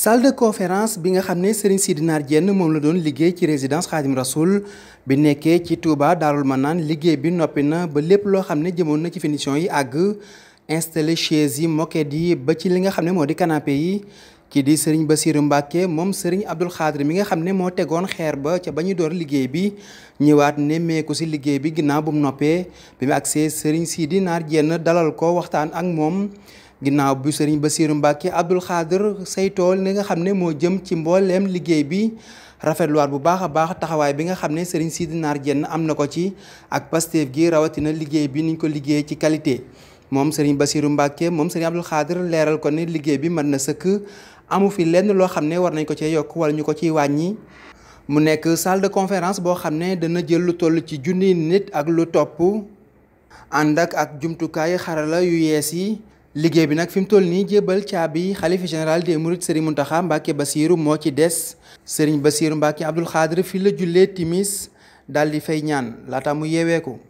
salle de conférence bi nga xam ne Serigne Sidy Nar Diène moom la doon liggéey ci résidence Khadim Rasoul bi nekkee ci Touba ma naan liggéey bi noppi na ba lépp loo xam ne jëmoon na ci finition yi àgg installé chaise yi moquette yi ba ci li nga xam ne moo di canapé yi kii di Serigne Bassirou Mbacke moom Serigne Abdoul Khadre mi nga xam ne moo tegoon xeer ba ca ba ñu door liggéey bi ñëwaat nemmeeku si liggéey bi ginnaaw bu mu noppee bi mu agsee Serigne Sidy Nar Diène dalal ko waxtaan ak moom. ginnaaw bu Serigne Bassirou Mbacke Abdoul Khadir tool ni nga xam ne moo jëm ci mbooleem liggéey bi rafetluwaat bu baax a baax taxawaay bi nga xam ne Serigne Sidi Naar Dieng am na ko ci ak Pastef gi rawatina liggéey bi niñ ko liggéeyee ci qualité moom Serigne Bassirou Mbacke moom Serigne Abdoul Khadir leeral ko ne liggéey bi mën na sëkk amu fi lenn loo xam ne war nañ ko cee yokk wala ñu ko ciy wàññi. mu nekk salle de conférence boo xam ne dana jël lu toll ci junni nit ak lu topp ànd ak ak xarala yu yees yi. liggéey bi nag fi mu toll nii jébbal caabi xalifa général des mourides sëriñ Muntaxa Mbàkke Basiiru moo ci des sëriñ Basiiru Mbàkke Abdul Xaadir fi la jullee timis daal di fay ñaan laata mu yeeweeku